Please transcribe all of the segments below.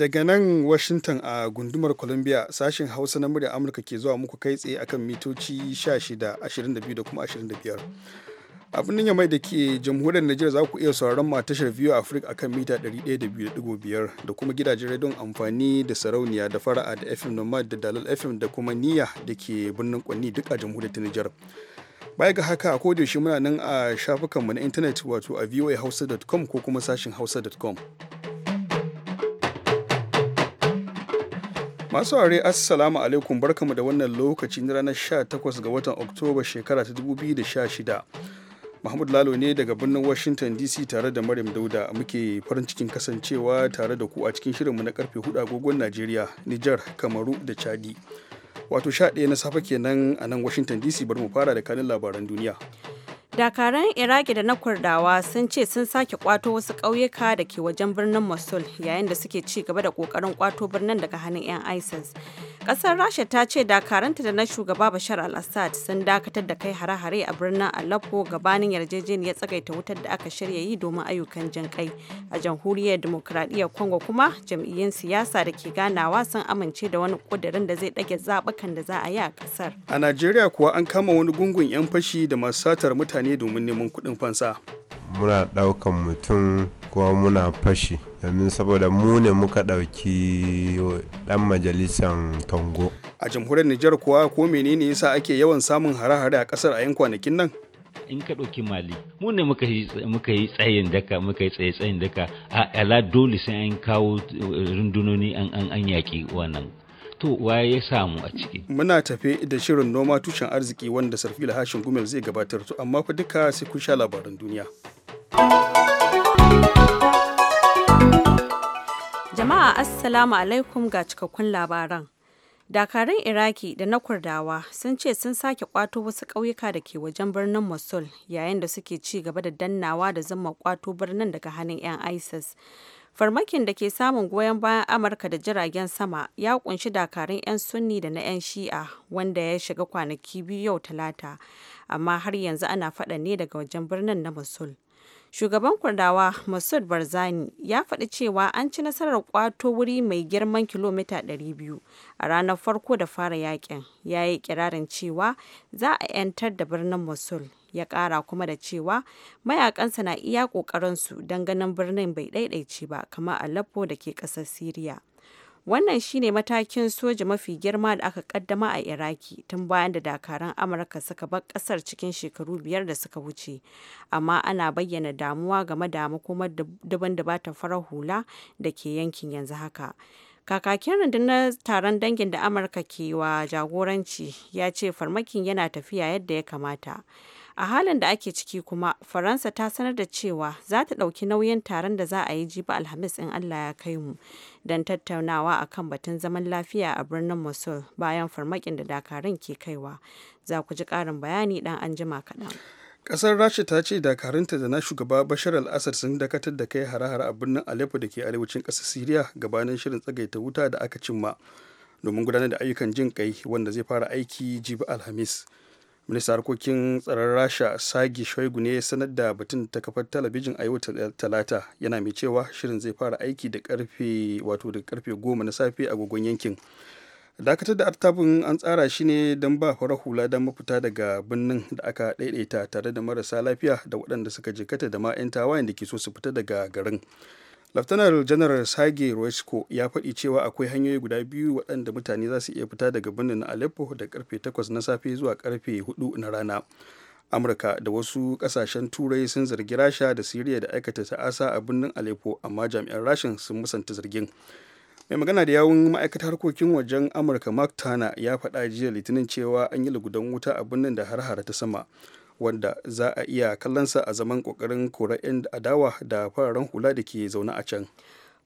daga nan washington a gundumar columbia sashen hausa na murya amurka ke zuwa muku kai tsaye akan mitoci 16 22 da kuma 25 abin nan mai da ke jamhuriyar Najeriya za ku iya sauraron ma tashar view Africa akan mita 102.5 da kuma gidajen rediyon amfani da sarauniya da fara'a da FM Nomad da Dalal FM da kuma Niyya da ke birnin Kwanni duk a jamhuriyar ta Nijar. Baya ga haka a yaushe muna nan a shafukanmu na intanet wato a voahausa.com ko kuma sashin hausa.com. Masu aure assalamu alaikum barkamu da wannan lokaci na ranar 18 ga watan Oktoba shekara ta 2016. Mahmud Lalo ne daga birnin Washington DC tare da Maryam Dauda muke farin cikin kasancewa tare da ku a cikin shirinmu na karfe 4 agogon Najeriya, Nijar, Kamaru da Chadi. Wato 11 na safe kenan a nan Washington DC bari mu fara da kanin labaran duniya. Dakaran Iraki da na Kurdawa sun ce sun sake kwato wasu ƙauyuka da ke wajen birnin Mosul yayin da suke ci gaba da ƙoƙarin kwato birnin daga hannun 'yan ISIS. Ƙasar Rasha ta ce dakaranta da na shugaba Bashar al-Assad sun dakatar da kai hare-hare a birnin Aleppo gabanin yarjejeniyar tsagaita wutar da aka shirya yi domin ayyukan jin kai. A jamhuriyar demokradiyyar Congo kuma jam'iyyun siyasa da ke ganawa sun amince da wani kudirin da zai ɗage zaɓukan da za a yi a ƙasar. A Najeriya kuwa an kama wani gungun 'yan fashi da masu satar mutane domin neman kuɗin fansa. Muna ɗaukan mutum kuma muna fashi. domin saboda mu ne muka ɗauki ɗan majalisar tongo a jamhuriyar nijar kuwa ko menene yasa ake yawan samun hare-hare a ƙasar a yan kwanakin nan in ka ɗauki mali mu ne muka yi tsayin daka muka yi tsayin daka a ala dole sai an kawo rundunoni an yaƙi wannan to waye ya samu a ciki muna tafe da shirin noma tushen arziki wanda sarfila hashin gumel zai gabatar to amma fa duka sai kun sha labaran duniya Jama'a Assalamu alaikum ga cikakkun labaran. Dakarun Iraki da na Kurdawa sun ce sun sake kwato wasu ƙauyuka da ke wajen birnin Mosul yayin da suke ci gaba da dannawa da zama kwato birnin daga hannun 'yan ISIS. Farmakin da ke samun goyon bayan Amurka da jiragen sama ya kunshi dakarun 'yan Sunni da na 'yan Shi'a wanda ya shiga kwanaki biyu yau Talata, amma har yanzu ana faɗa ne daga wajen birnin na Mosul. Shugaban Kurdawa masud Barzani ya faɗi cewa an ci nasarar kwato wuri mai girman kilomita 200 a ranar farko da fara yakin. Ya yi kirarin cewa za a 'yantar da birnin Mosul. Ya ƙara kuma da cewa mayakansa na iya ƙoƙarinsu don ganin birnin bai ɗaiɗaice ba kamar Aleppo da ke ƙasar Siriya. Wannan shine matakin soja mafi girma da aka kaddama a Iraki tun bayan da dakaran Amurka suka bar kasar cikin shekaru biyar da suka wuce, amma ana bayyana damuwa game da makomar da bata fara hula da ke yankin yanzu haka. Kakakin rundunar taron dangin da Amurka ke wa jagoranci ya ce farmakin yana tafiya yadda ya kamata. a halin da ake ciki kuma faransa ta sanar da cewa za ta ɗauki nauyin taron da za a yi jibi alhamis in allah ya kai mu don tattaunawa a kan batun zaman lafiya a birnin mosul bayan farmakin da dakarun ke kaiwa za ku ji ƙarin bayani dan an jima kaɗan ƙasar rasha ta ce dakarunta da na shugaba bashar al-assad sun dakatar da kai hare-hare a birnin aleppo da ke arewacin ƙasar siriya gabanin shirin tsagaita wuta da aka cimma domin gudanar da ayyukan jin kai wanda zai fara aiki jibi alhamis minista harkokin tsaron rasha sagi shoigu ne ya sanar da batun ta kafar talabijin a yau talata yana mai cewa shirin zai fara aiki da karfe wato da karfe goma na safe a gogon yankin dakatar da artabin an tsara shi ne don ba farar hula don mafita daga birnin da aka daidaita tare da marasa lafiya da waɗanda suka jikata da ma 'yan tawayen da ke so su fita daga garin laftanar janar sage roesko ya faɗi cewa akwai hanyoyi guda biyu waɗanda mutane za su iya fita daga birnin aleppo da karfe 8 na safe zuwa karfe 4 na rana amurka da wasu ƙasashen turai sun zargi rasha da siriya da aikata ta'asa a birnin aleppo amma jami'an rashin sun musanta zargin mai magana da yawun ma'aikatar harkokin wajen amurka mark tana ya faɗa jiya litinin cewa an yi lugudan wuta a birnin da har-hara ta sama wanda za a iya kallonsa a zaman kokarin kora 'yan adawa da fararen hula da ke zaune a can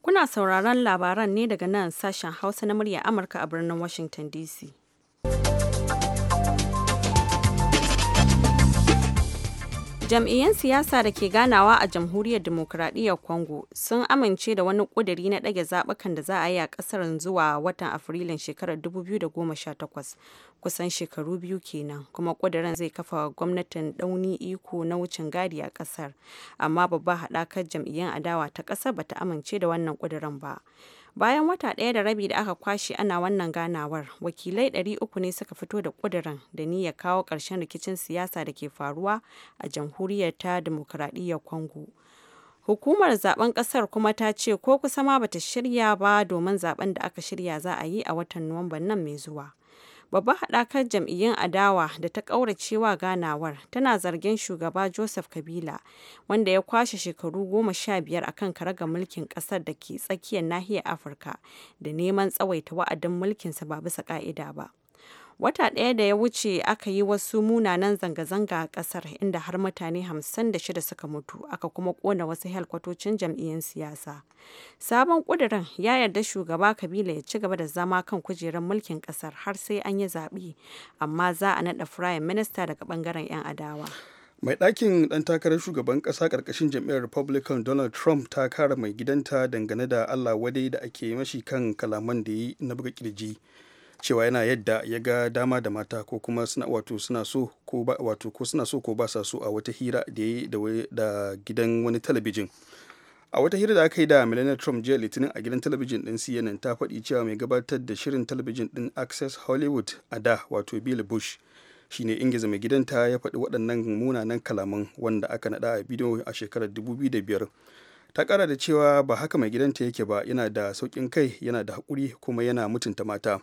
kuna sauraron labaran ne daga nan sashen hausa na murya amurka a birnin washington dc jam'iyyun siyasa da ke ganawa a jamhuriyar demokuraɗiyyar congo sun amince da wani ƙuduri na ɗage zaɓukan da za a yi a ƙasar zuwa watan afrilun shekarar 2018 kusan shekaru biyu kenan kuma ƙudurin zai kafa gwamnatin ɗauni iko na wucin gadi a ƙasar amma babbar haɗakar jam'iyyan adawa ta ƙasar bata amince da wannan ƙudurin ba Bayan wata ɗaya da rabi da aka kwashe ana wannan ganawar, wakilai uku ne suka fito da ƙudurin da niyyar kawo ƙarshen rikicin siyasa da ke faruwa a jamhuriyar ta demokradiyyar Congo. Hukumar zaben ƙasar kuma ta ce ko kusa ma bata shirya ba domin zaben da aka shirya za a yi a watan Nuwamban nan mai zuwa. Babbar haɗakar jam'iyyun adawa da ta ƙauracewa ganawar tana zargin Shugaba Joseph Kabila, wanda ya kwashe shekaru goma sha biyar a kan ga mulkin ƙasar da ke tsakiyar nahiyar Afirka, da neman tsawaita wa'adin mulkinsa ba bisa ƙa'ida ba. Wata ɗaya da ya wuce aka yi wasu munanan zanga-zanga a ƙasar inda har mutane 56 suka mutu aka kuma kona wasu helkwatocin jam'iyyun siyasa. Sabon ƙudurin ya yarda shugaba Kabila ya ci gaba da zama kan kujerar mulkin ƙasar har sai an yi zaɓi amma za a naɗa firayim minista daga ɓangaren 'yan adawa. mai ɗakin ɗan takarar shugaban ƙasa ƙarƙashin jam'iyyar republican donald trump ta kara mai gidanta dangane da allah wadai da ake mashi kan kalaman da yi na buga ƙirji. cewa yana yadda ya ga dama da mata ko kuma suna wato suna so ko ba wato ko suna so ko ba sa so a wata hira da ya yi da gidan wani talabijin a wata hira da aka yi da Melania Trump jiya litinin a gidan talabijin din CNN ta faɗi cewa mai gabatar da shirin talabijin din Access Hollywood a da wato Bill Bush shine ingiza mai gidanta ya faɗi waɗannan munanan kalaman wanda aka naɗa a bidiyo a shekarar 2005 ta ƙara da cewa ba haka mai gidanta yake ba yana da sauƙin kai yana da haƙuri kuma yana mutunta mata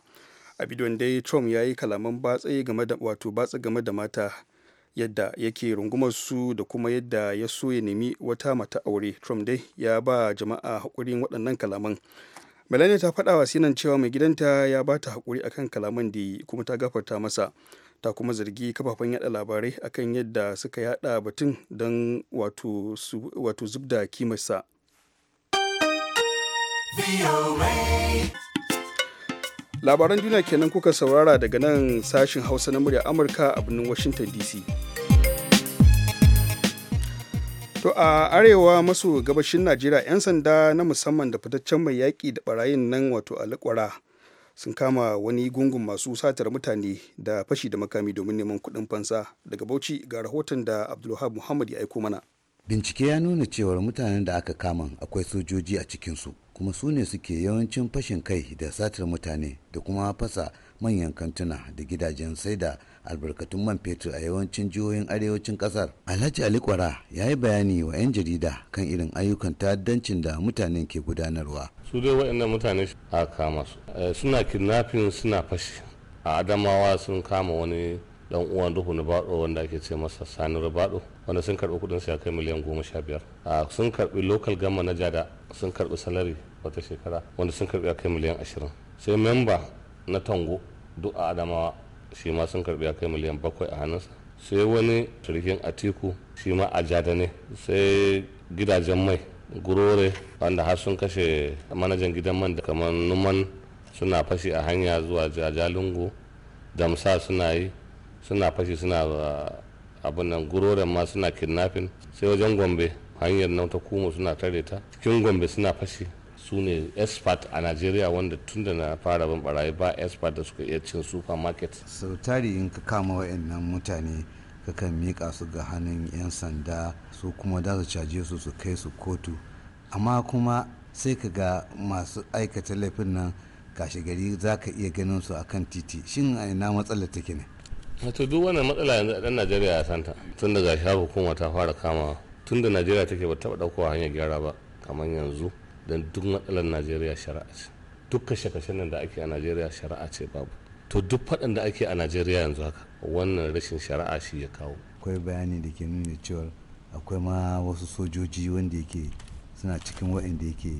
a bidiyon dai trump ya yi kalaman batse game da wato batsa game da mata yadda yake rungumar su da kuma yadda ya so ya nemi wata mata aure trump dai ya ba jama'a hakurin waɗannan kalaman melania ta faɗa wa sinan cewa mai gidanta ya ba ta haƙuri akan kalaman da kuma ta gafarta masa ta kuma zargi kafafen yada labarai akan yadda suka yada batun don wato, wato zubda kimarsa. labaran duniya kenan kuka saurara daga nan sashin hausa na murya amurka a birnin washington dc To a arewa maso gabashin Najeriya 'yan sanda na musamman da fitaccen mai yaƙi da barayin nan wato alakwara sun kama wani gungun masu satar mutane da fashi da makami domin neman kuɗin fansa daga Bauchi ga rahoton da Abdulwahab Muhammad ya aiko mana. bincike ya nuna cewar mutanen da aka kama akwai sojoji a cikinsu kuma su ne suke yawancin fashin kai da satar mutane da kuma fasa manyan kantuna da gidajen sai da albarkatun man fetur a yawancin jihohin arewacin kasar alhaji ali kwara ya yi bayani wa 'yan jarida kan irin ayyukan ta'addancin da mutanen ke gudanarwa su dai waɗannan mutane a kama su eh, suna kidnapping suna fashi a adamawa sun kama wani dan uwan duhu na baɗo wanda ake ce masa sani bado wanda sun karɓi kuɗin ya kai miliyan goma sha biyar sun karbi local gama na jada sun karɓi salari wata shekara wanda sun karɓi ya kai miliyan ashirin sai memba na tango duk a adamawa shi ma sun karɓi ya kai miliyan bakwai a hannunsa sai wani turkin atiku shi ma a jada ne sai gidajen mai gurore wanda har sun kashe manajan gidan man da kamar numan suna fashi a hanya zuwa jajalungu damsa suna yi suna fashi suna abin nan guroren ma suna kidnapping sai wajen gombe hanyar nauta kuma suna tare ta cikin gombe suna fashi su ne expert a nigeria wanda tun da na fara ban barayi ba expert da suka iya cin supermarket sau tari in ka kama wa'annan mutane ka kan miƙa su ga hannun 'yan sanda su kuma da su caje su su kai su kotu amma kuma sai ka ga masu aikata laifin nan gashi gari za ka iya ganin su kan titi shin a ina matsalar take ne wato duk wannan matsala yanzu a dan najeriya ya santa tun daga shi hukuma ta fara kama tun da najeriya take ba taɓa ɗaukowa hanyar gyara ba kamar yanzu don duk matsalar najeriya shari'a ce duk kashe-kashen nan da ake a najeriya shari'a ce babu to duk faɗin da ake a najeriya yanzu haka wannan rashin shari'a shi ya kawo akwai bayani da ke nuna cewa akwai ma wasu sojoji wanda yake suna cikin waɗanda yake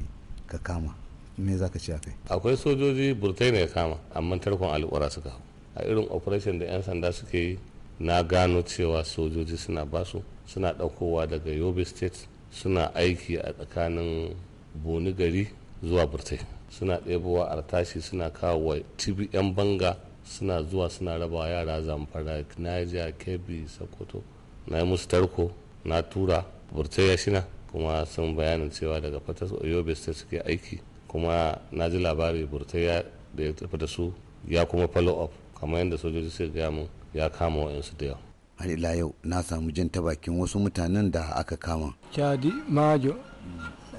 ka kama me za ka ce akai akwai sojoji burtai ne ya kama amma tarkon al'ura suka hau a irin operation da 'yan sanda suke yi na gano cewa sojoji suna basu suna ɗaukowa daga yobe state suna aiki a tsakanin boni gari zuwa burtai suna ɗebowa artashi suna kawo wa tbm banga suna zuwa suna rabawa yara zamfara niger kebbi sokoto na yi musu tarko na tura burtai ya shina kuma sun bayanin cewa daga fatas yobe state suke aiki kuma na ji labari burtai da ya tafi da su ya kuma follow up kamar yadda sojoji suka gaya mu ya kama wa'insu da yawa har ila yau na samu jin ta bakin wasu mutanen da aka kama cadi majo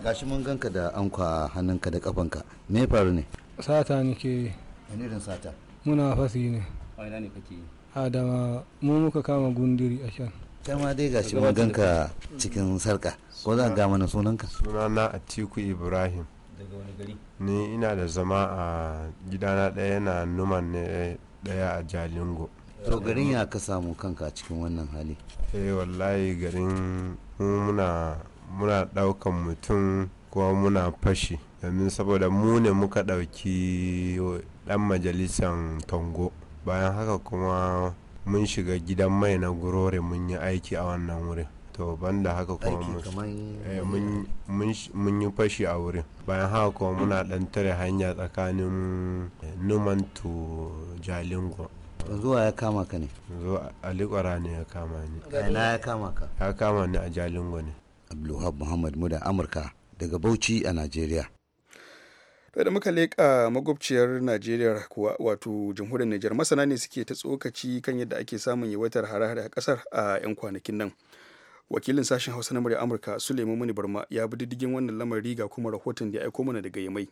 gashi mun ganka da kwa hannunka da kafanka me faru ne sata nake wani irin sata muna fasi ne a ina ne kake adama mu muka kama gundiri a can kai ma dai gashi mun ganka cikin sarka ko za ga mana sunanka sunana Atiku Ibrahim daga wani gari ni ina da zama a gidana ɗaya na numan ne eh, daya a jalingo to garin ya ka samu kanka cikin wannan hali eh wallahi garin muna muna daukan mutum kuma muna fashi domin saboda mu ne muka dauki dan majalisan tongo bayan haka kuma mun shiga gidan mai na gurore mun yi aiki a wannan wurin to banda haka kuma eh, mun yi fashi a wurin bayan haka kuma muna dan mm. tare hanya tsakanin numan to jalingo zuwa ya kama ka ne zuwa alikwara ne ya kama ni na ya kama ka ya kama ni a jalingo ne abdulhab muhammad muda amurka daga bauchi a nigeria to da muka leƙa magwabciyar najeriya kuwa wato jamhuriyar nijar masana ne suke ta tsokaci kan yadda ake samun yawaitar hare-hare a ƙasar a 'yan kwanakin nan wakilin sashen hausa na murya amurka suleiman muni barma ya bi diddigin wannan lamari ga kuma rahoton da ya aiko mana daga yamai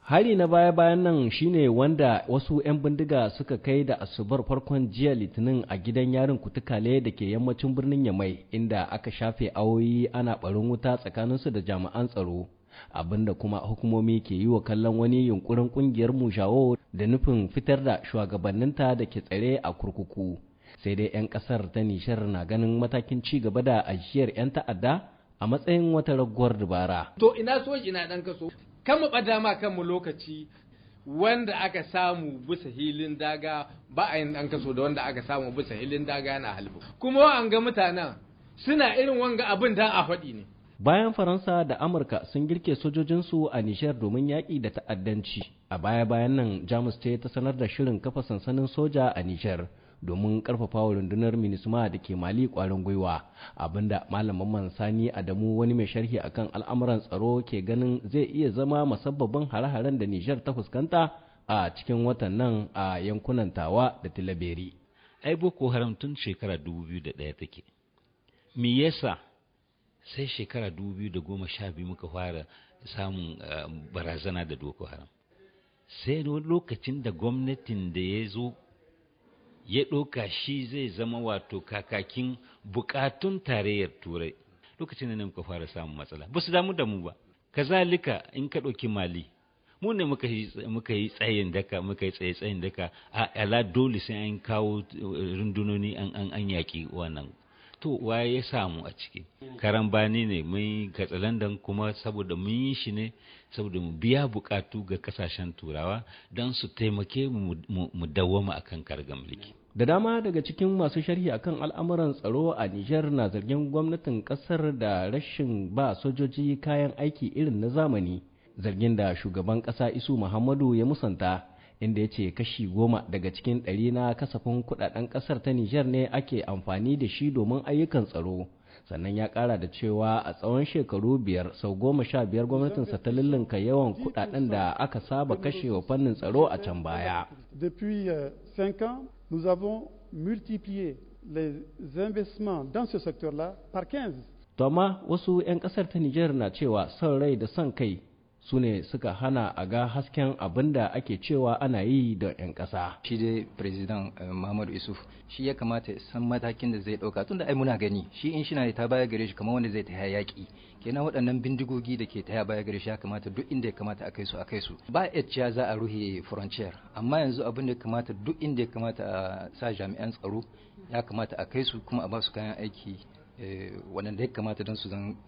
hari na baya-bayan nan shine wanda wasu 'yan bindiga suka kai da asubar farkon jiya litinin a gidan yarin kutukale da ke yammacin birnin yamai inda aka shafe awoyi ana barin wuta tsakaninsu da jami'an tsaro abinda kuma hukumomi ke yi wa kallon wani yunkurin kungiyar mushawo da nufin fitar da shugabanninta da ke tsare a kurkuku sai dai 'yan kasar ta nishar na ganin matakin ci gaba da ajiyar 'yan ta'adda a matsayin wata raguwar dubara to ina so ina dan kaso kan mu bada ma kan mu lokaci wanda aka samu bisa hilin daga ba a yin dan kaso da wanda aka samu bisa hilin daga na halbu kuma an ga mutanen suna irin wanga abin dan a faɗi ne bayan faransa da amurka sun girke sojojinsu a Nishar domin yaƙi da ta'addanci a baya-bayan nan jamus ce ta sanar da shirin kafa sansanin soja a Nishar. domin karfafa wa rundunar minisma da ke mali kwarin gwiwa abinda malamin mansani adamu wani mai sharhi akan al'amuran tsaro ke ganin zai iya zama musabbabin hare-haren da nijar ta fuskanta a cikin watan nan a yankunan tawa da tilaberi ai boko haram tun shekara 2001 take me yasa sai shekara 2012 muka fara samun eh, barazana da boko haram sai lokacin da gwamnatin da ya zo ya ɗoka shi zai zama wato kakakin bukatun tarayyar turai lokacin da muka fara samun matsala ba su damu da mu ba kazalika in ka ɗauki mali mu ne muka yi tsayin daka muka yi tsaye tsayin daka a ala dole sai an kawo eh, rundunoni an yaƙi wannan to waye ya samu a ciki karambani ne mun katsalandan kuma saboda mun yi shi ne saboda mu biya bukatu ga kasashen turawa don su taimake mu mu akan karga mulki da dama daga cikin masu sharhi akan al'amuran tsaro a Nijar na zargin gwamnatin kasar da rashin ba sojoji kayan aiki irin na zamani zargin da shugaban kasa Isu Muhammadu ya musanta inda ya ce kashi goma daga cikin ɗari na kasafin kudaden kasar ta Nijar ne ake amfani da shi domin ayyukan tsaro sannan ya kara da cewa a tsawon shekaru biyar sau goma sha biyar gwamnatinsa ta lullunka yawan kudaden da aka saba kashe wa fannin tsaro a can baya depuis euh, cinq ans nous avons multiplié les investissements dans ce secteur là par 15 wasu 'yan kasar ta Nijar na cewa son rai da son kai su ne suka hana a ga hasken abin da ake cewa ana yi da 'yan ƙasa. Shi dai President eh, Muhammadu Isuf shi ya kamata san matakin da zai ɗauka tun da ai muna gani shi in shi na ta baya gare shi kamar wanda zai ta yaƙi kenan waɗannan bindigogi da ke ta baya gare shi ya kamata duk inda ya kamata a kai su a kai su ba ya za a ruhe frontier amma yanzu abin da kamata duk inda ya kamata a sa jami'an tsaro ya kamata a kai su kuma a ba su kayan aiki eh, waɗanda ya kamata don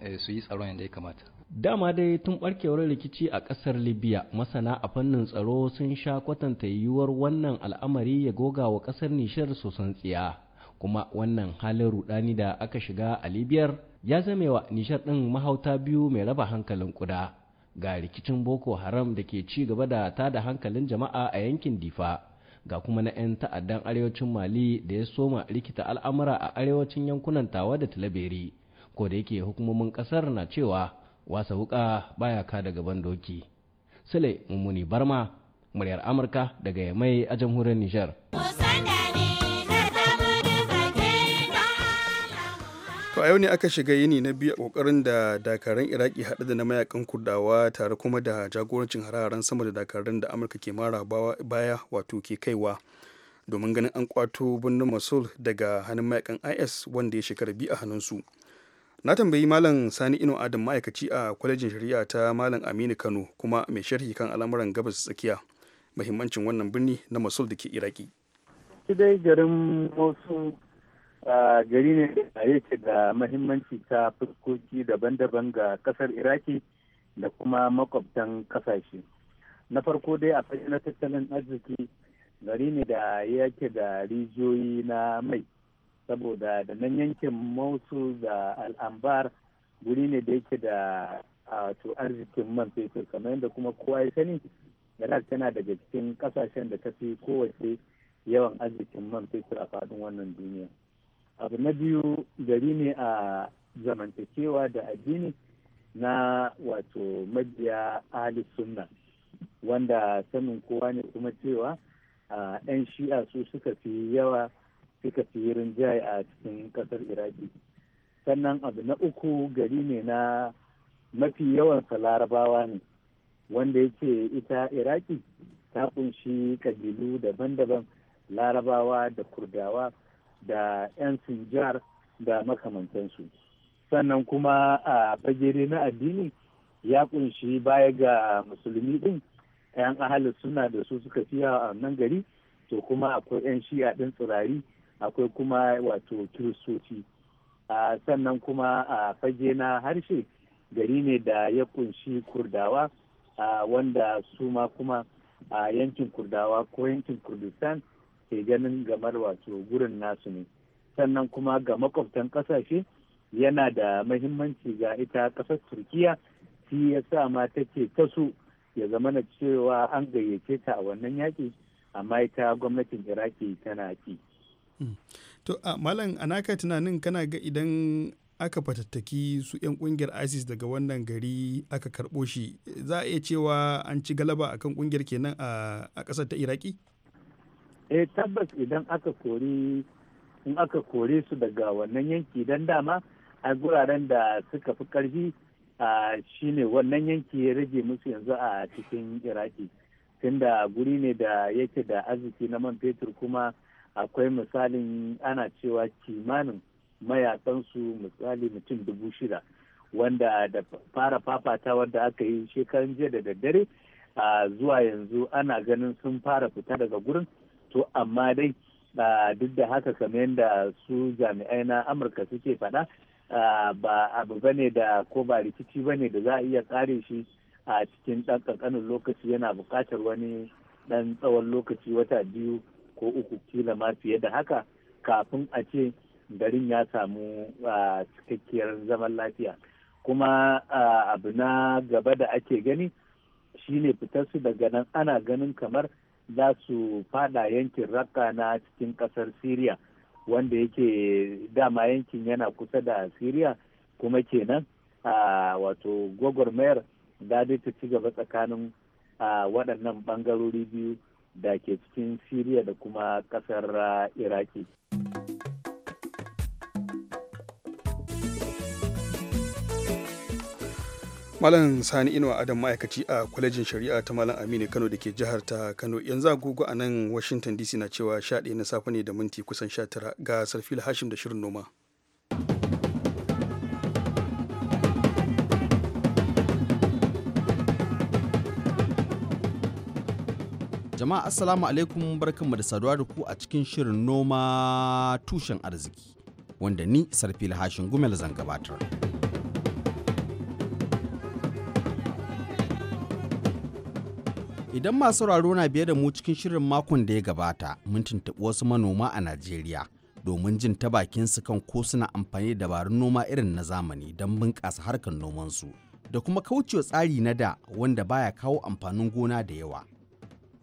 eh, su yi tsaron yadda ya kamata. Dama dai tun barkewar rikici a ƙasar Libya masana a fannin tsaro sun sha kwatanta yiwuwar wannan al'amari ya goga wa ƙasar Nishar soson tsiya. Kuma wannan halin rudani da aka shiga a Libyar ya zamewa Nishar ɗin mahauta biyu mai raba hankalin kuda. Ga rikicin Boko Haram da ke ci gaba da tada hankalin jama'a a yankin Difa. ga kuma na 'yan ta'addan arewacin mali da ya soma rikita al'amura a arewacin yankunan tawa da talaberi ko da yake hukumomin kasar na cewa wasa wuka baya ka daga gaban doki sule mummuni barma muryar amurka daga yamai a jamhuriyar nijar to a yau ne aka shiga yini na biyu a kokarin da dakarun iraki haɗe da na mayakan kurdawa tare kuma da jagorancin hararen sama da dakarun da amurka ke mara baya wato ke kaiwa domin ganin an kwato birnin mosul daga hannun mayakan is wanda ya shekara biyu a hannunsu su na tambayi malam sani ino adam ma'aikaci a kwalejin shari'a ta malam aminu kano kuma mai sharhi kan al'amuran gabas tsakiya mahimmancin wannan birni na masul da ke iraki shi dai garin mosul gari ne da yake da mahimmanci ta fuskoki daban-daban ga kasar iraki da kuma makwabtan kasashe na farko dai a na tattalin arziki gari ne da yake da rijiyoyi na mai saboda da nan yankin Mosul da al'ambar guri ne da yake da wato arzikin man fetur kamar yadda kuma kowa ya sani Iraq tana daga cikin kasashen da ta fi kowace yawan arzikin man fetur a faɗin wannan duniya. Abu na biyu gari ne a zamantakewa da addini na wato majiya ahli sunna wanda sanin kowa ne kuma cewa 'yan shi'a su suka fi yawa suka fi rinjaye a cikin kasar iraki sannan abu na uku gari ne na mafi yawansa larabawa ne wanda yake ita iraki ta kunshi kabilu daban-daban larabawa da kurdawa da 'yan sinjar da makamantansu sannan kuma a bagere na addini ya kunshi baya ga musulmi din 'yan ahali suna da su suka fiya a nan gari to kuma akwai 'yan shi'a din tsirari akwai kuma wato kiristoci sannan kuma a fage na harshe gari ne da ya kunshi kurdawa wanda su ma kuma a yankin kurdawa ko yankin kurdistan ke ganin gamar wato gurin nasu ne sannan kuma ga makwabtan kasashe yana da mahimmanci ga ita kasar turkiya shi ya sa ma take taso ya zama na cewa an gayyace ta a wannan yaki amma ita gwamnatin iraki tana ki. Mm. To a malam anaka tunanin kana ga idan aka fatattaki su 'yan kungiyar ISIS daga wannan gari aka karbo shi za a iya cewa an ci galaba akan kungiyar kenan a kasar ta Iraki? Eh tabbas idan aka kori in aka kore su daga wannan yanki don dama a guraren da suka fi karfi a shine wannan yanki ya rage musu yanzu a cikin iraki tunda guri ne da yake da arziki na man fetur kuma akwai misalin ana cewa kimanin mayakansu misali mutum dubu shida wanda da fara fafata wanda aka yi shekaran jiya da daddare a zuwa yanzu ana ganin sun fara fita daga gurin to amma dai duk da haka kamar yadda su jami'ai na amurka suke faɗa ba abu bane da ko ba rikici bane da za a iya kare shi a cikin ɗan ƙanƙanin lokaci yana buƙatar wani ɗan tsawon lokaci wata biyu ko uku kila ma fiye da haka kafin a ce garin ya samu cikakkiyar zaman lafiya kuma abu na gaba da ake gani shine fitar su daga nan ana ganin kamar za su fada yankin raƙa na cikin kasar syria wanda yake dama yankin yana kusa da syria kuma kenan wato gwagwarmayar da ta ci gaba tsakanin waɗannan ɓangarori biyu da ke cikin Siriya da kuma kasar uh, Iraki. Malam Sani Inuwa Adam ma'aikaci a kwalejin shari'a ta Malam Aminu Kano da ke jihar ta Kano yanzu agogo a nan Washington DC na cewa 11 na safe ne da minti kusan sha tara ga Sarfil Hashim da shirin noma. Jama'a Assalamu alaikum barkanmu da saduwa da ku a cikin shirin noma tushen arziki wanda ni sarfi Hashin Gumel zan gabatar. Idan masu sauraro na biye da mu cikin shirin makon da ya gabata, mun tuntuɓi wasu manoma a Najeriya domin jin ta bakin su kan ko suna amfani da dabarun noma irin na zamani don bunƙasa harkar nomansu da kuma kaucewa tsari na da wanda baya kawo amfanin gona da yawa.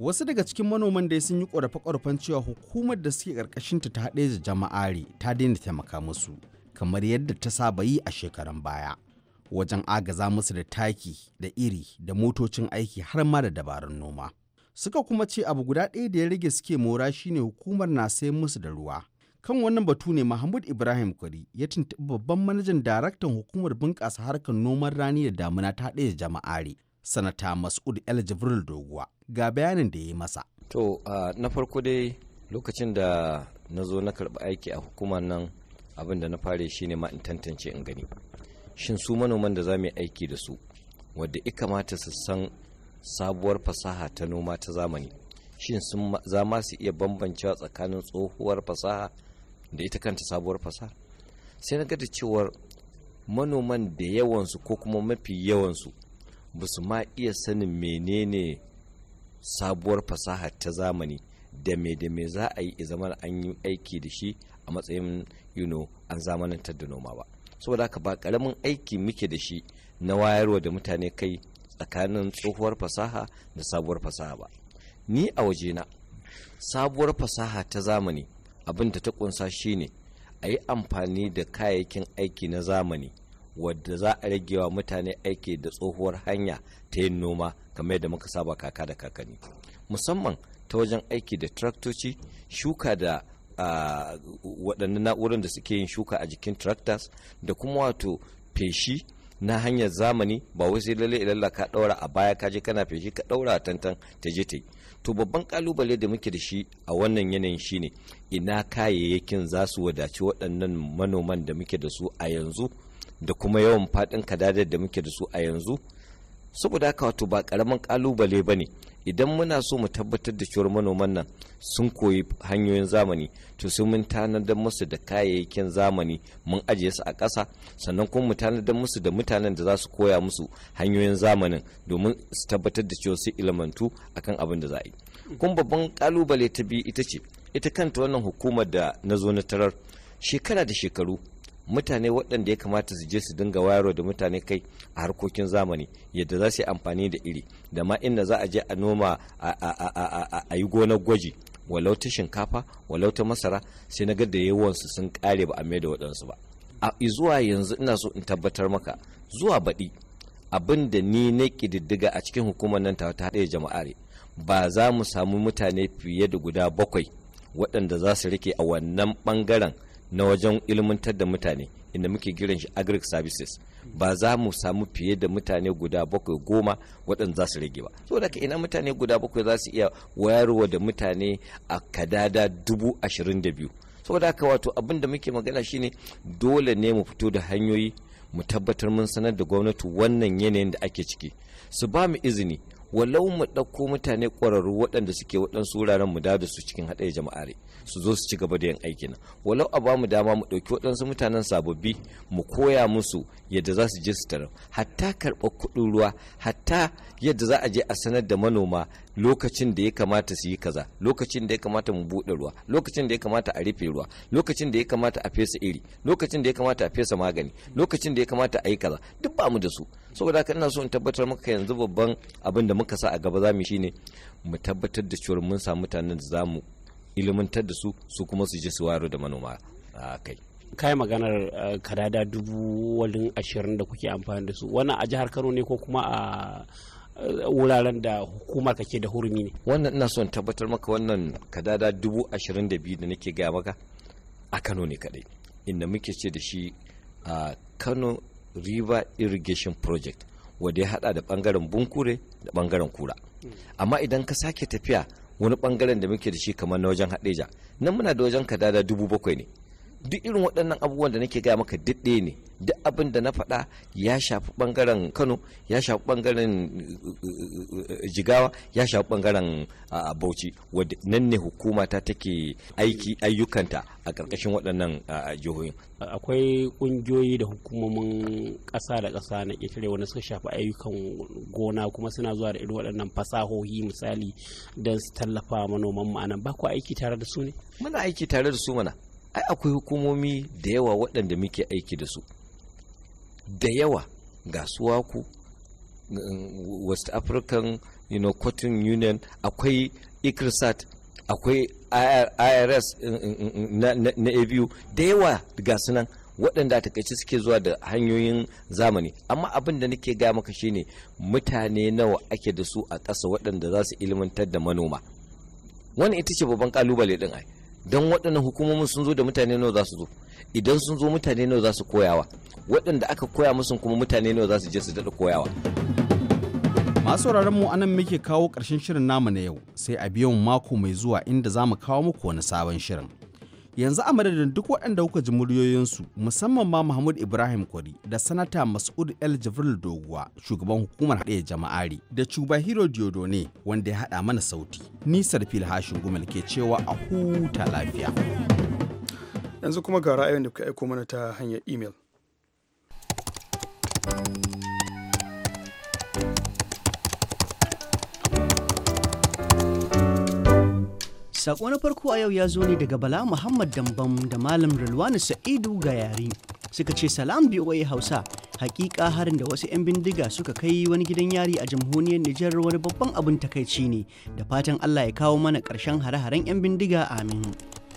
wasu daga cikin manoman dai sun yi ƙorafe-ƙorafen cewa hukumar da suke ƙarƙashinta ta ta haɗe da jama'are ta daina taimaka musu kamar yadda ta saba yi a shekaran baya wajen agaza musu da taki da iri da motocin aiki har ma da dabarun noma suka kuma ce abu guda ɗaya da ya rage suke mora shine hukumar na sayan musu da ruwa kan wannan batu ne mahmud ibrahim kwari ya tuntuɓi babban manajan daraktan hukumar bunƙasa harkar noman rani da damuna ta haɗe da jama'are sanata mas'ud el jibril doguwa ga bayanin da ya yi masa. To na farko dai lokacin da na zo na karɓi aiki a hukumar nan abin da na fare shine ne in tantance in gani. Shin su manoman da za mu yi aiki da su wadda ika kamata su san sabuwar fasaha ta noma ta zamani shin za ma su iya bambancewa tsakanin tsohuwar fasaha da ita kanta sabuwar fasaha sai na gada cewar manoman da yawansu ko kuma mafi yawansu ba su ma iya sanin menene sabuwar fasaha ta zamani da me da me za a yi zama an yi aiki da shi a matsayin you know, an zamanantar da noma ba saboda haka ba karamin aiki muke da shi na wayarwa da mutane kai tsakanin tsohuwar fasaha da sabuwar fasaha ba ni a waje na sabuwar fasaha ta zamani abin da ta kunsa shine a yi amfani da kayayyakin aiki na zamani wadda za a rage wa mutane aiki da tsohuwar hanya ta yin noma kamar yadda muka saba kaka da kakanni musamman ta wajen aiki da traktoci shuka da waɗannan na'urar da suke yin shuka a jikin tractors da kuma wato feshi na hanyar zamani ba wai sai lalle ilalla ka ɗaura a baya ka je kana feshi ka ɗaura tantan ta je ta yi to babban kalubale da muke da shi a wannan yanayin shine ina kayayyakin za su wadaci waɗannan manoman da muke da su a yanzu da kuma yawan faɗin kadadar da muke da su a yanzu saboda haka wato ba karamin kalubale ba ne idan muna so mu tabbatar da cewar manoman nan sun koyi hanyoyin zamani to sai mun tanadar musu da kayayyakin zamani mun ajiye su a ƙasa sannan kuma mu tanadar musu da mutanen da za su koya musu hanyoyin zamanin domin su tabbatar da cewa sun ilmantu akan abin da za a yi kuma babban kalubale ta biyu ita ce ita kanta wannan hukumar da na zo na tarar shekara da shekaru mutane waɗanda ya kamata su je su dinga wayarwa da mutane kai a harkokin zamani yadda za su yi amfani da iri da ma inda za a je a noma a yi gonar gwaji walau ta shinkafa walau ta masara sai na ga da yawansu sun kare ba a mai da waɗansu ba a zuwa yanzu ina so in tabbatar maka zuwa baɗi abin da ni na ƙididdiga a cikin hukumar nan ta haɗe ne ba za mu samu mutane fiye da guda bakwai waɗanda za su rike a wannan ɓangaren na wajen ilmantar da mutane inda muke giran shi agric services ba za mu samu fiye da mutane guda bakwai goma waɗanda za su rage ba so da ina mutane guda bakwai za su iya wayarwa da mutane a kadada dubu ashirin da biyu saboda haka wato abin da muke magana shine dole ne mu fito da hanyoyi mu tabbatar mun sanar da gwamnati wannan yanayin da ake ciki su ba mu izini walau mu ɗauko mutane ƙwararru waɗanda suke waɗansu wuraren mu da su cikin haɗaya jama'a su zo su ci gaba da yin aiki na walau a ba mu dama mu ɗauki waɗansu mutanen sababbi mu koya musu yadda za su je su tarar hatta karɓar kuɗin ruwa hatta yadda za a je a sanar da manoma lokacin da ya kamata su yi kaza lokacin da ya kamata mu buɗe ruwa lokacin da ya kamata a rufe ruwa lokacin da ya kamata a fesa iri lokacin da ya kamata a fesa magani lokacin da ya kamata a yi kaza duk ba mu da su saboda haka ina so in tabbatar maka yanzu babban abin da muka sa a gaba zamu shine mu tabbatar da cewa mun samu mutanen da zamu ilimantar da su su kuma su je su waro da manoma a kai kai maganar eh, kadada dubu walin ashirin da kuke amfani da su wannan a jihar kano ne ko kuma a wuraren da hukumar kake da hurumi ne wannan ina son tabbatar maka wannan kadada dubu ashirin da biyu da nake gaya maka a kano ne kadai inda muke ce da shi a kano river irrigation project wanda ya hada da bangaren bunkure da bangaren kura amma idan ka sake tafiya wani bangaren da muke da shi kamar na wajen haɗeja nan muna da wajen kadada dubu bakwai ne duk irin waɗannan abubuwan da nake gaya maka diɗɗe ne duk abin da na faɗa ya shafi ɓangaren kano ya shafi ɓangaren eh, eh, jigawa ya shafi ɓangaren bauchi wadda nan ne hukuma ta take aiki ayyukanta a ƙarƙashin waɗannan jihohin akwai ƙungiyoyi da hukumomin ƙasa da ƙasa na ƙetare wanda suka shafi ayyukan gona kuma suna zuwa da irin waɗannan fasahohi misali don su tallafa manoman ma'anan ba ku aiki tare da su ne muna aiki tare da su mana ai akwai hukumomi da yawa waɗanda muke aiki da su da yawa ga suwaku mm, west african you know, cotton union akwai ikrisat akwai irs mm, mm, na abu da yawa ga sunan waɗanda a takaice suke zuwa da hanyoyin zamani amma abin da nake gaya maka shine mutane nawa ake da su a ƙasa waɗanda za su ilmantar da manoma wani ita ce babban ƙalubale ɗin ai don waɗannan hukumomin sun zo da mutane nawa za su zo idan sun zo mutane nawa za su koyawa waɗanda aka koya musu kuma mutane nawa za su je su daɗa koyawa masu sauraron mu anan muke kawo ƙarshen shirin namu na yau sai a biyan mako mai zuwa inda za mu kawo muku wani sabon shirin yanzu a madadin duk waɗanda kuka ji muryoyinsu musamman ma Muhammad Ibrahim Kwari da sanata Mas'ud El Jibril Doguwa shugaban hukumar haɗe jama'ari da Cuba Hero ne wanda ya haɗa mana sauti. Ni Sarfil Hashin Gumel ke cewa a huta lafiya. Yanzu kuma ga ra'ayoyin da kuka aiko mana ta hanyar imel. Sako na farko a yau ya zo ne daga Bala Muhammad Dambam da Malam Rilwani Sa'idu Gayari. Suka ce salam BOA Hausa, hakika harin da wasu 'yan bindiga suka kai wani gidan yari a jamhuriyar Nijar wani babban abin takaici ne, da fatan Allah ya kawo mana ƙarshen hare-haren 'yan bindiga amin.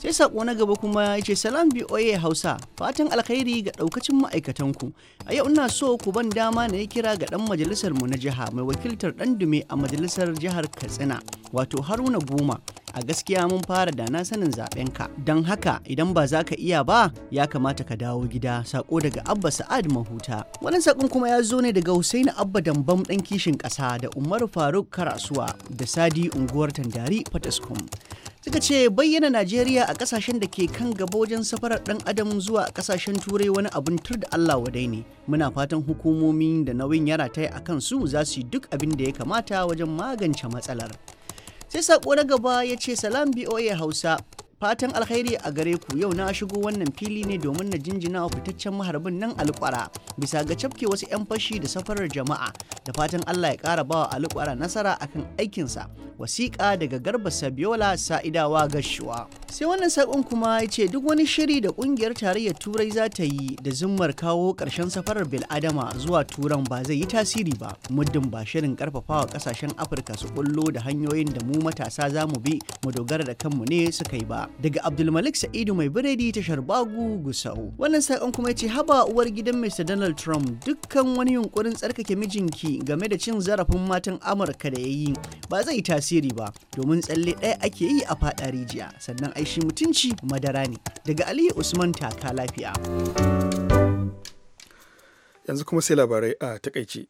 sai sako na gaba kuma ya ce salam oye Hausa fatan alkhairi ga daukacin ma'aikatanku a yau ina so ku ban dama na yi kira ga dan majalisar mu na jiha mai wakiltar dan dume a majalisar jihar Katsina wato Haruna Goma a gaskiya mun fara dana sanin zaben ka don haka idan ba za ka iya ba ya kamata ka dawo gida sako daga abba sa'ad mahuta wannan sakon kuma ya zo ne daga husaini abba dambam dan kishin kasa da umar faruk karasuwa da sadi unguwar tandari fataskum suka ce bayyana najeriya a kasashen da ke kan gaba wajen safarar dan adam zuwa kasashen turai wani abin tur da allah wadai ne muna fatan hukumomin da nauyin yara ta yi a kansu za su yi duk abin da ya kamata wajen magance matsalar sai sako na gaba ya ce salam boa hausa Fatan alkhairi a gare ku yau na shigo wannan fili ne domin na jinjina wa fitaccen maharbin nan alƙwara bisa ga cafke wasu 'yan fashi da safarar jama'a da fatan Allah ya ƙara bawa alƙwara nasara akan aikinsa wasiƙa daga garba sabiola sa'idawa gashuwa. Sai wannan saƙon kuma ya ce duk wani shiri da ƙungiyar tarayyar turai za ta yi da zimmar kawo ƙarshen safarar bil'adama zuwa turan ba zai yi tasiri ba muddin ba shirin wa ƙasashen afirka su ƙullo da hanyoyin da mu matasa za mu bi mu dogara da kanmu ne suka yi ba. daga Abdulmalik Sa'idu mai biredi tashar Bagu Gusau. Wannan sakon kuma ya ce haba uwar gidan Mr. Donald Trump dukkan wani yunkurin tsarkake mijinki game da cin zarafin matan Amurka da ya yi ba zai tasiri ba domin tsalle ɗaya ake yi a faɗa rijiya sannan aishi mutunci madara ne daga Aliyu Usman taka lafiya. Yanzu kuma sai labarai a takaice.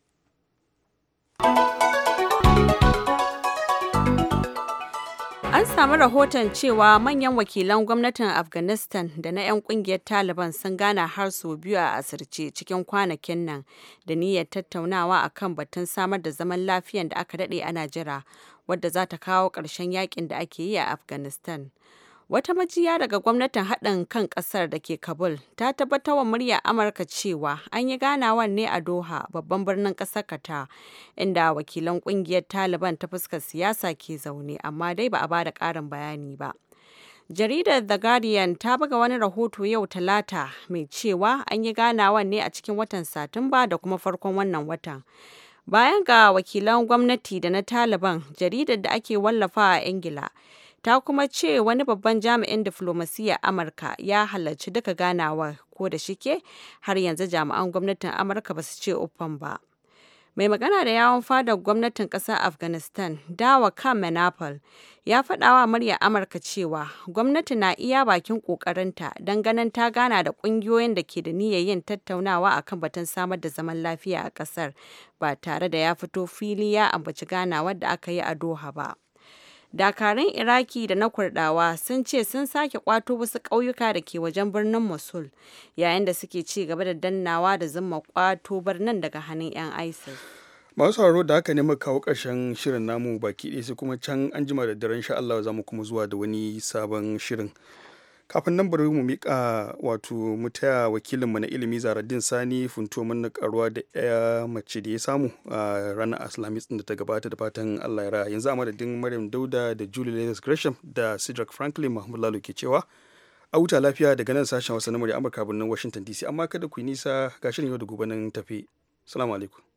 An samu rahoton cewa manyan wakilan gwamnatin Afghanistan da na 'yan kungiyar Taliban sun gana har sau biyu a asirce cikin kwanakin nan da niyyar tattaunawa a kan batun samar da zaman lafiyan da aka daɗe ana jira wadda za ta kawo ƙarshen yakin da ake yi a Afghanistan. Wata majiya daga gwamnatin haɗin kan ƙasar da ke Kabul ta tabbatar wa muryar Amurka cewa an yi ganawan ne a Doha, babban birnin ƙasar kata inda wakilan ƙungiyar Taliban ta fuskar siyasa ke zaune, amma dai ba a ba da ƙarin bayani ba. Jaridar The Guardian ta buga wani rahoto yau Talata mai cewa an yi ganawan ne a cikin watan Satumba da kuma farkon wannan watan. Bayan ga wakilan gwamnati da na Taliban, jaridar da ake wallafa a Ingila. ta kuma ce wani babban jami'in diflomasiyyar amurka ya halarci duka ganawar ko da shike har yanzu jami'an gwamnatin amurka ba su ce uffan ba mai magana da yawon fadar gwamnatin ƙasar afghanistan dawa kan manapal ya faɗawa muryar amurka cewa gwamnati na iya bakin ƙoƙarinta don ganin ta gana da ƙungiyoyin da ke da niyyar yin tattaunawa akan batun samar da zaman lafiya a ƙasar ba tare da ya fito fili ya ambaci ganawar da aka yi a doha ba dakarun iraki da na kurdawa sun ce sun sake kwato wasu ƙauyuka da ke wajen birnin mosul yayin da suke ci gaba da dannawa da zuma kwato birnin daga hannun 'yan isis masu sauraro da haka ne muka kawo ƙarshen shirin namu baki ɗaya sai kuma can an jima da daren sha Allah za mu kuma zuwa da wani sabon shirin kafin nan bari mu mika wato mu taya wakilin wakilinmu na ilimi zaradin sani funto mun karuwa da ya mace da ya samu a ranar alhamis da ta gabata da fatan allah ya raya yanzu a madadin maryam dauda da julie lewis gresham da cedric franklin mahmud lalo ke cewa a wuta lafiya daga nan sashen wasu na murya amurka birnin washington dc amma kada ku yi nisa ga shirin yau da gobe nan tafi salamu alaikum